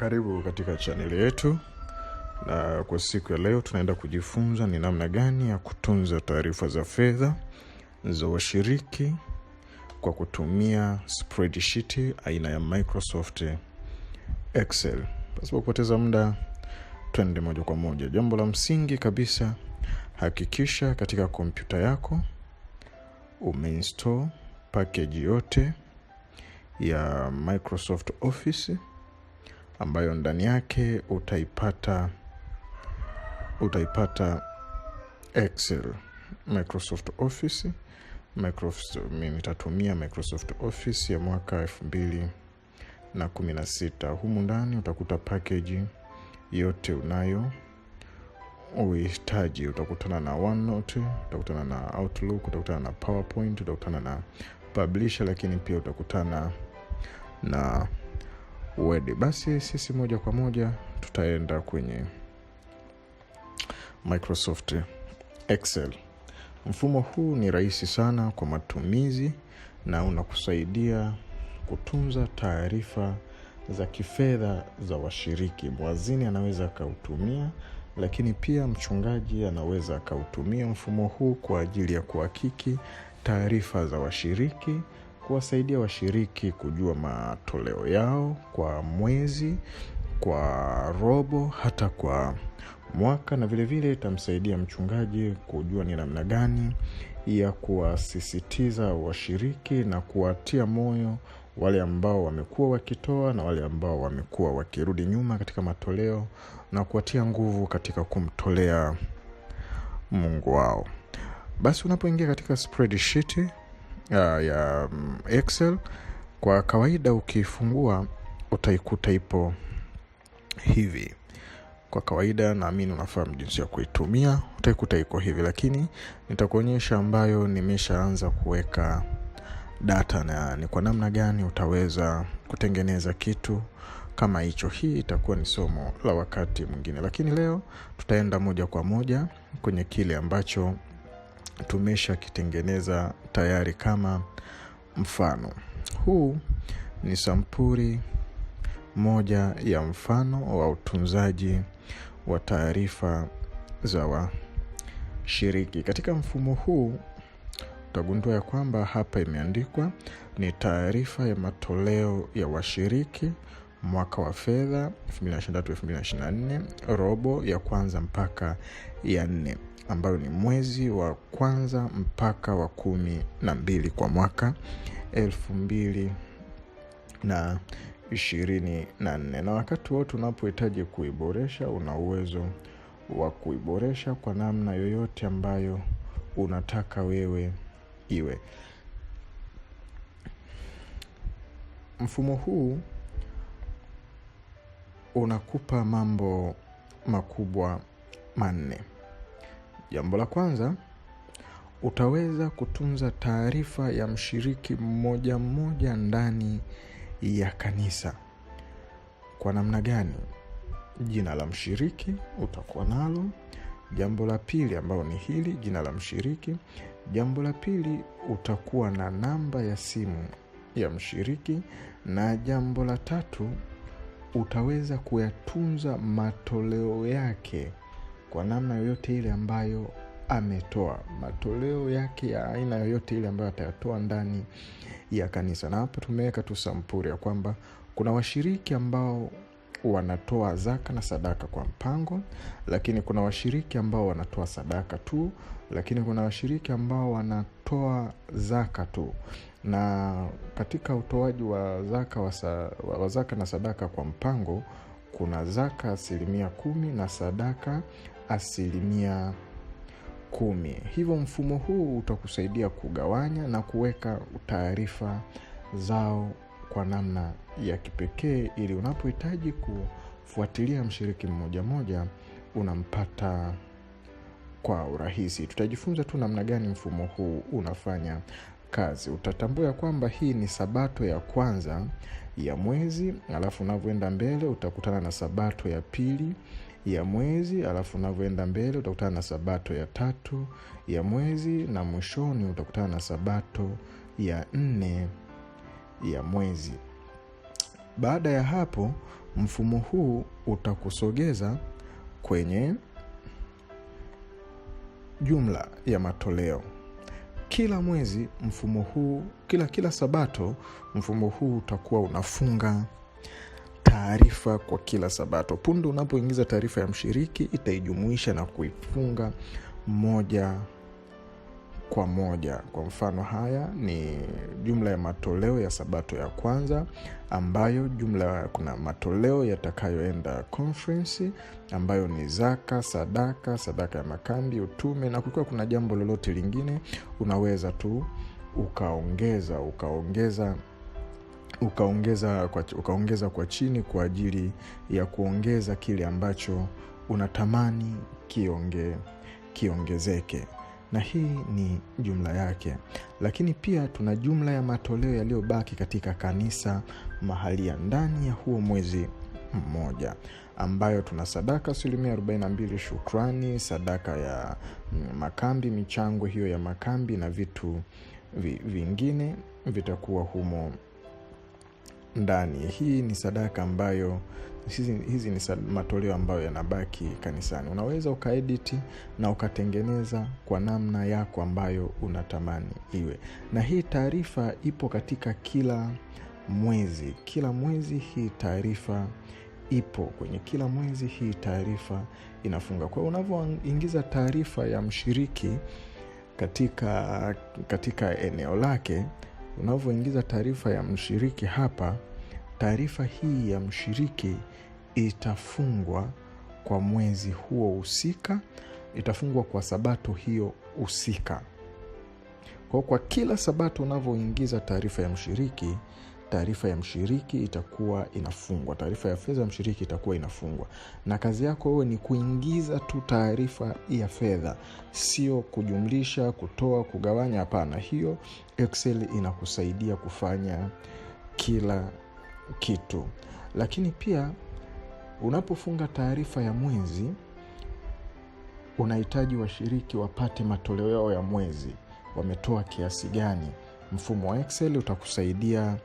Karibu katika chaneli yetu, na kwa siku ya leo tunaenda kujifunza ni namna gani ya kutunza taarifa za fedha za washiriki kwa kutumia spreadsheet aina ya Microsoft Excel. Pasipo kupoteza muda, twende moja kwa moja. Jambo la msingi kabisa, hakikisha katika kompyuta yako umeinstall package yote ya Microsoft Office ambayo ndani yake utaipata utaipata Excel, Microsoft Office. Mimi nitatumia Microsoft Office ya mwaka elfu mbili na kumi na sita. Humu ndani utakuta package yote unayo uhitaji. Utakutana na OneNote, utakutana na Outlook, utakutana na PowerPoint, utakutana na Publisher, lakini pia utakutana na wedi. Basi sisi moja kwa moja tutaenda kwenye Microsoft Excel. Mfumo huu ni rahisi sana kwa matumizi na unakusaidia kutunza taarifa za kifedha za washiriki. Mwazini anaweza akautumia, lakini pia mchungaji anaweza akautumia mfumo huu kwa ajili ya kuhakiki taarifa za washiriki kuwasaidia washiriki kujua matoleo yao kwa mwezi, kwa robo, hata kwa mwaka, na vilevile itamsaidia mchungaji kujua ni namna gani ya kuwasisitiza washiriki na kuwatia moyo wale ambao wamekuwa wakitoa na wale ambao wamekuwa wakirudi nyuma katika matoleo na kuwatia nguvu katika kumtolea Mungu wao. Basi unapoingia katika spreadsheet ya mm, Excel kwa kawaida ukifungua utaikuta ipo hivi. Kwa kawaida naamini unafahamu jinsi ya kuitumia, utaikuta iko hivi, lakini nitakuonyesha ambayo nimeshaanza kuweka data na ni kwa namna gani utaweza kutengeneza kitu kama hicho. Hii itakuwa ni somo la wakati mwingine, lakini leo tutaenda moja kwa moja kwenye kile ambacho tumeshakitengeneza tayari kama mfano. Huu ni sampuri moja ya mfano wa utunzaji wa taarifa za washiriki. Katika mfumo huu utagundua ya kwamba hapa imeandikwa ni taarifa ya matoleo ya washiriki mwaka wa fedha 2023 robo ya kwanza mpaka ya nne ambayo ni mwezi wa kwanza mpaka wa kumi na mbili kwa mwaka elfu mbili na ishirini na nne na wakati wote unapohitaji kuiboresha una uwezo wa kuiboresha kwa namna yoyote ambayo unataka wewe iwe. Mfumo huu unakupa mambo makubwa manne. Jambo la kwanza, utaweza kutunza taarifa ya mshiriki mmoja mmoja ndani ya kanisa. Kwa namna gani? Jina la mshiriki utakuwa nalo. Jambo la pili ambalo ni hili, jina la mshiriki. Jambo la pili, utakuwa na namba ya simu ya mshiriki, na jambo la tatu, utaweza kuyatunza matoleo yake kwa namna yoyote ile ambayo ametoa matoleo yake ya aina yoyote ile ambayo atayatoa ndani ya kanisa. Na hapo tumeweka tu sampuri ya kwamba kuna washiriki ambao wanatoa zaka na sadaka kwa mpango, lakini kuna washiriki ambao wanatoa sadaka tu, lakini kuna washiriki ambao wanatoa zaka tu. Na katika utoaji wa zaka, wa, sa, wa zaka na sadaka kwa mpango kuna zaka asilimia kumi na sadaka asilimia kumi. Hivyo mfumo huu utakusaidia kugawanya na kuweka taarifa zao kwa namna ya kipekee, ili unapohitaji kufuatilia mshiriki mmoja mmoja unampata kwa urahisi. Tutajifunza tu namna gani mfumo huu unafanya kazi. Utatambua kwamba hii ni sabato ya kwanza ya mwezi, alafu unavyoenda mbele utakutana na sabato ya pili ya mwezi, alafu unavyoenda mbele utakutana na sabato ya tatu ya mwezi, na mwishoni utakutana na sabato ya nne ya mwezi. Baada ya hapo, mfumo huu utakusogeza kwenye jumla ya matoleo kila mwezi. Mfumo huu kila kila sabato, mfumo huu utakuwa unafunga taarifa kwa kila Sabato. Punde unapoingiza taarifa ya mshiriki, itaijumuisha na kuifunga moja kwa moja. Kwa mfano, haya ni jumla ya matoleo ya Sabato ya kwanza, ambayo jumla kuna matoleo yatakayoenda conference, ambayo ni zaka, sadaka, sadaka ya makambi, utume, na kukiwa kuna jambo lolote lingine unaweza tu ukaongeza ukaongeza ukaongeza kwa, ukaongeza kwa chini kwa ajili ya kuongeza kile ambacho unatamani kionge, kiongezeke na hii ni jumla yake. Lakini pia tuna jumla ya matoleo yaliyobaki katika kanisa mahali ya ndani ya huo mwezi mmoja ambayo tuna sadaka asilimia 42 shukrani, sadaka ya mm, makambi, michango hiyo ya makambi na vitu vingine vitakuwa humo ndani hii ni sadaka ambayo hizi, hizi ni matoleo ambayo yanabaki kanisani unaweza ukaediti na ukatengeneza kwa namna yako ambayo unatamani iwe na hii taarifa ipo katika kila mwezi kila mwezi hii taarifa ipo kwenye kila mwezi hii taarifa inafunga kwao unavyoingiza taarifa ya mshiriki katika katika eneo lake unavyoingiza taarifa ya mshiriki hapa, taarifa hii ya mshiriki itafungwa kwa mwezi huo husika, itafungwa kwa sabato hiyo husika. Kwa kwa kila sabato unavyoingiza taarifa ya mshiriki taarifa ya mshiriki itakuwa inafungwa, taarifa ya fedha ya mshiriki itakuwa inafungwa, na kazi yako wewe ni kuingiza tu taarifa ya fedha, sio kujumlisha, kutoa, kugawanya. Hapana, hiyo Excel inakusaidia kufanya kila kitu. Lakini pia unapofunga taarifa ya mwezi, unahitaji washiriki wapate matoleo yao ya mwezi, wametoa kiasi gani. Mfumo wa Excel utakusaidia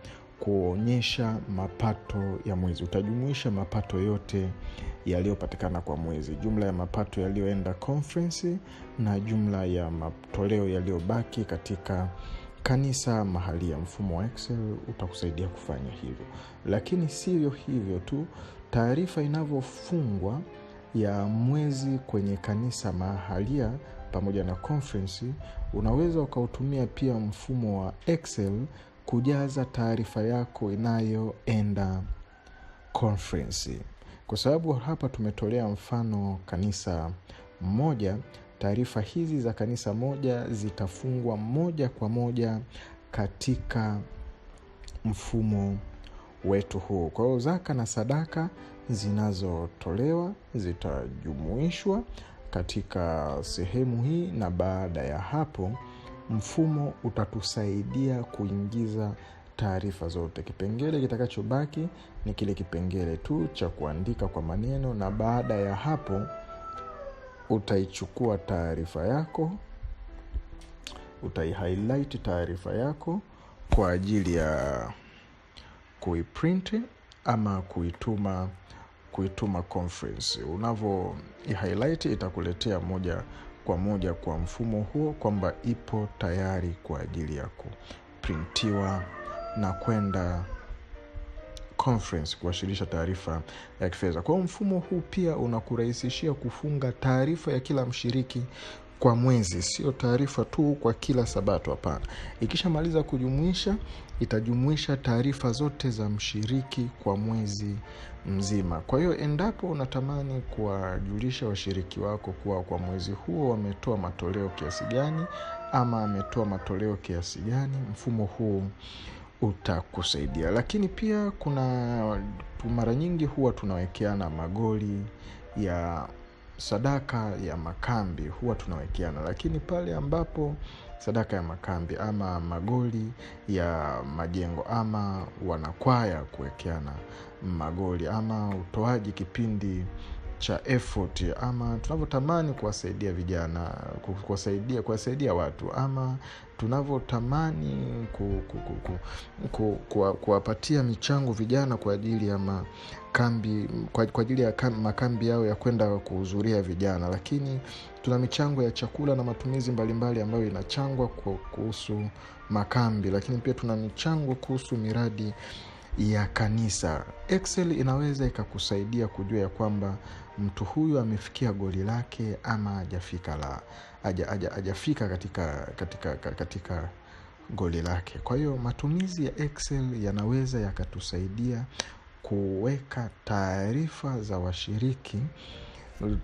kuonyesha mapato ya mwezi. Utajumuisha mapato yote yaliyopatikana kwa mwezi, jumla ya mapato yaliyoenda conference na jumla ya matoleo yaliyobaki katika kanisa mahalia. Mfumo wa Excel utakusaidia kufanya hivyo, lakini sivyo hivyo tu, taarifa inavyofungwa ya mwezi kwenye kanisa mahalia pamoja na conference, unaweza ukautumia pia mfumo wa Excel kujaza taarifa yako inayoenda conference, kwa sababu hapa tumetolea mfano kanisa moja. Taarifa hizi za kanisa moja zitafungwa moja kwa moja katika mfumo wetu huu. Kwa hiyo zaka na sadaka zinazotolewa zitajumuishwa katika sehemu hii, na baada ya hapo mfumo utatusaidia kuingiza taarifa zote. Kipengele kitakachobaki ni kile kipengele tu cha kuandika kwa maneno, na baada ya hapo utaichukua taarifa yako, utaihighlight taarifa yako kwa ajili ya kuiprinti ama kuituma kuituma conference. Unavyo highlight itakuletea moja kwa moja kwa mfumo huo kwamba ipo tayari kwa ajili ya kuprintiwa na kwenda conference kuwasilisha taarifa ya kifedha. Kwa mfumo huu pia unakurahisishia kufunga taarifa ya kila mshiriki kwa mwezi, sio taarifa tu kwa kila Sabato. Hapana, ikishamaliza kujumuisha, itajumuisha taarifa zote za mshiriki kwa mwezi mzima. Kwa hiyo endapo unatamani kuwajulisha washiriki wako kuwa kwa mwezi huo wametoa matoleo kiasi gani ama ametoa matoleo kiasi gani, mfumo huu utakusaidia. Lakini pia kuna mara nyingi huwa tunawekeana magoli ya sadaka ya makambi huwa tunawekeana, lakini pale ambapo sadaka ya makambi ama magoli ya majengo ama wanakwaya kuwekeana magoli ama utoaji kipindi cha effort ama tunavyotamani kuwasaidia vijana kuwasaidia kuwasaidia watu ama tunavyotamani kuwapatia michango vijana kwa ajili ya makambi kwa, kwa ajili ya kambi, makambi yao ya kwenda kuhudhuria vijana lakini tuna michango ya chakula na matumizi mbalimbali ambayo inachangwa kuhusu makambi lakini pia tuna michango kuhusu miradi ya kanisa. Excel inaweza ikakusaidia kujua ya kwamba mtu huyu amefikia goli lake ama hajafika la hajafika katika, katika, katika goli lake. Kwa hiyo matumizi ya Excel yanaweza yakatusaidia kuweka taarifa za washiriki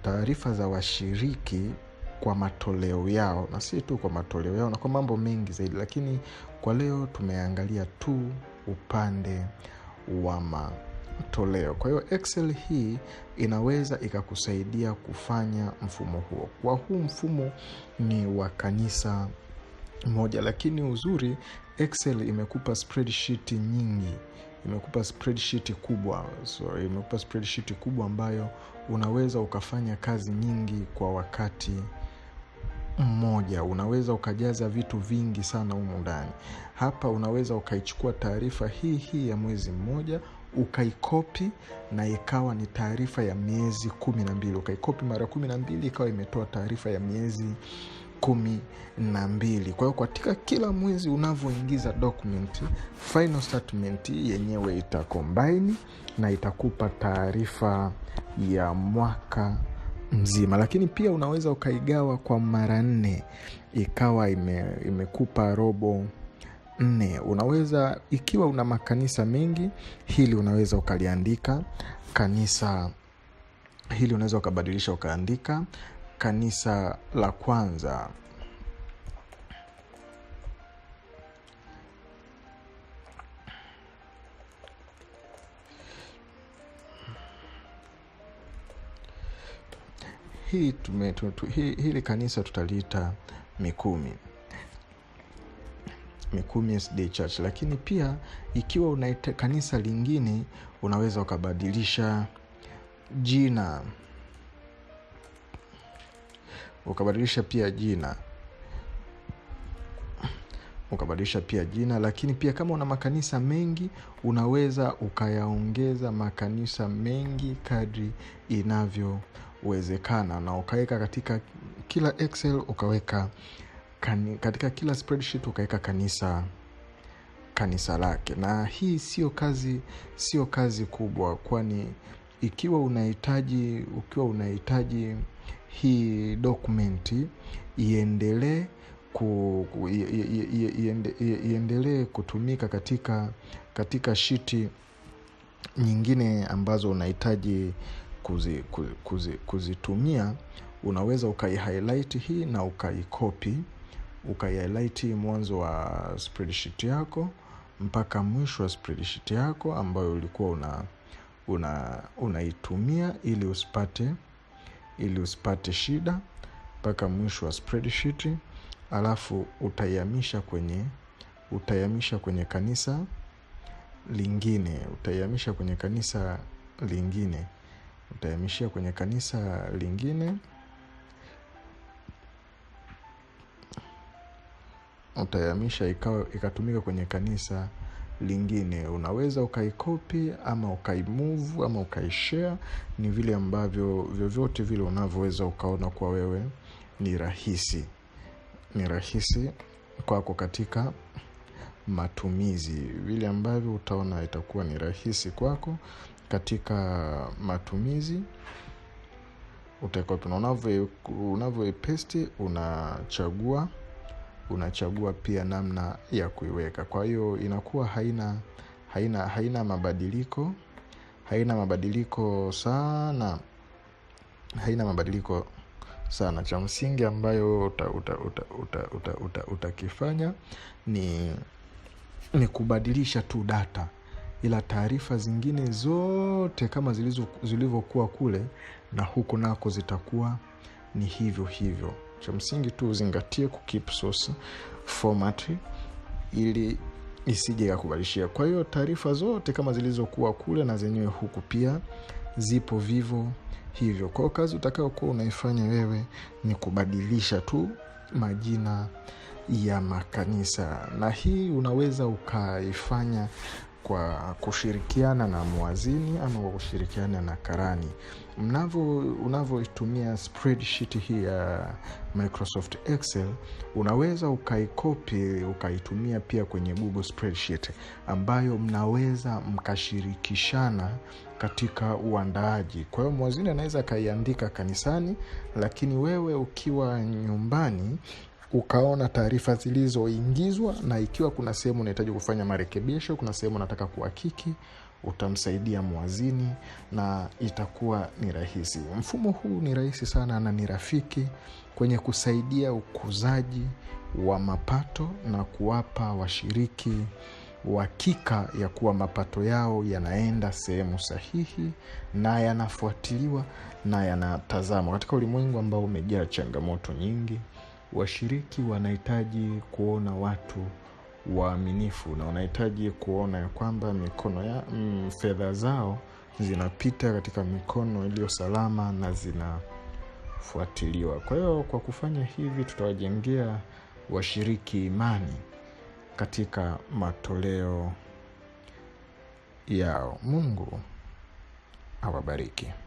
taarifa za washiriki kwa matoleo yao, na si tu kwa matoleo yao na kwa mambo mengi zaidi, lakini kwa leo tumeangalia tu upande wa matoleo. Kwa hiyo Excel hii inaweza ikakusaidia kufanya mfumo huo. Kwa huu mfumo ni wa kanisa moja, lakini uzuri Excel imekupa spreadsheet nyingi imekupa spreadsheet kubwa so, imekupa spreadsheet kubwa ambayo unaweza ukafanya kazi nyingi kwa wakati mmoja unaweza ukajaza vitu vingi sana humu ndani. Hapa unaweza ukaichukua taarifa hii hii ya mwezi mmoja ukaikopi na ikawa ni taarifa ya miezi kumi na mbili ukaikopi mara kumi na mbili ikawa imetoa taarifa ya miezi kumi na mbili. Kwa hiyo katika kila mwezi unavyoingiza document, final statement yenyewe itakombaini na itakupa taarifa ya mwaka mzima, lakini pia unaweza ukaigawa kwa mara nne ikawa ime, imekupa robo nne. Unaweza ikiwa una makanisa mengi, hili unaweza ukaliandika kanisa hili, unaweza ukabadilisha ukaandika kanisa la kwanza hii tume, tu, hii, hili kanisa tutaliita Mikumi Mikumi SD Church, lakini pia ikiwa una kanisa lingine unaweza ukabadilisha jina ukabadilisha pia jina ukabadilisha pia jina, lakini pia kama una makanisa mengi unaweza ukayaongeza makanisa mengi kadri inavyowezekana, na ukaweka katika kila Excel ukaweka kani, katika kila spreadsheet ukaweka kanisa kanisa lake, na hii sio kazi sio kazi kubwa, kwani ikiwa unahitaji ukiwa unahitaji hii dokumenti iendelee iendelee kutumika katika, katika shiti nyingine ambazo unahitaji kuzitumia kuzi, kuzi, kuzi unaweza ukaihighlight hii na ukaikopi ukaihighlight mwanzo wa spreadsheet yako mpaka mwisho wa spreadsheet yako ambayo ulikuwa una unaitumia una ili usipate ili usipate shida mpaka mwisho wa spreadsheet alafu utaiamisha kwenye utaiamisha kwenye kanisa lingine utaiamisha kwenye kanisa lingine utahamishia kwenye kanisa lingine utahamisha ikatumika kwenye kanisa lingine unaweza ukaikopi ama ukaimove ama ukaishare ni vile ambavyo vyovyote vile unavyoweza ukaona kwa wewe ni rahisi ni rahisi kwako katika matumizi vile ambavyo utaona itakuwa ni rahisi kwako katika matumizi utakuwa unavyoipesti unachagua unachagua pia namna ya kuiweka kwa hiyo inakuwa haina haina haina mabadiliko haina mabadiliko sana haina mabadiliko sana. Cha msingi ambayo utakifanya uta, uta, uta, uta, uta ni, ni kubadilisha tu data, ila taarifa zingine zote kama zilivyokuwa kule na huku nako zitakuwa ni hivyo hivyo. Cha msingi tu uzingatie ku source format ili isije kubadilishia Kwa hiyo taarifa zote kama zilizokuwa kule na zenyewe huku pia zipo vivo hivyo. kwao kazi utakayokuwa unaifanya wewe ni kubadilisha tu majina ya makanisa, na hii unaweza ukaifanya kwa kushirikiana na mwazini ama kwa kushirikiana na karani. Unavyoitumia spreadsheet hii ya Microsoft Excel, unaweza ukaikopi ukaitumia pia kwenye Google ambayo mnaweza mkashirikishana katika uandaaji. Kwa hiyo mwazini anaweza akaiandika kanisani, lakini wewe ukiwa nyumbani ukaona taarifa zilizoingizwa, na ikiwa kuna sehemu unahitaji kufanya marekebisho, kuna sehemu unataka kuhakiki, utamsaidia mwazini na itakuwa ni rahisi. Mfumo huu ni rahisi sana na ni rafiki kwenye kusaidia ukuzaji wa mapato na kuwapa washiriki uhakika ya kuwa mapato yao yanaenda sehemu sahihi na yanafuatiliwa na yanatazamwa. Katika ulimwengu ambao umejaa changamoto nyingi, washiriki wanahitaji kuona watu waaminifu na wanahitaji kuona ya kwamba mikono ya mm, fedha zao zinapita katika mikono iliyo salama na zinafuatiliwa. Kwa hiyo, kwa kufanya hivi tutawajengea washiriki imani katika matoleo yao. Mungu awabariki.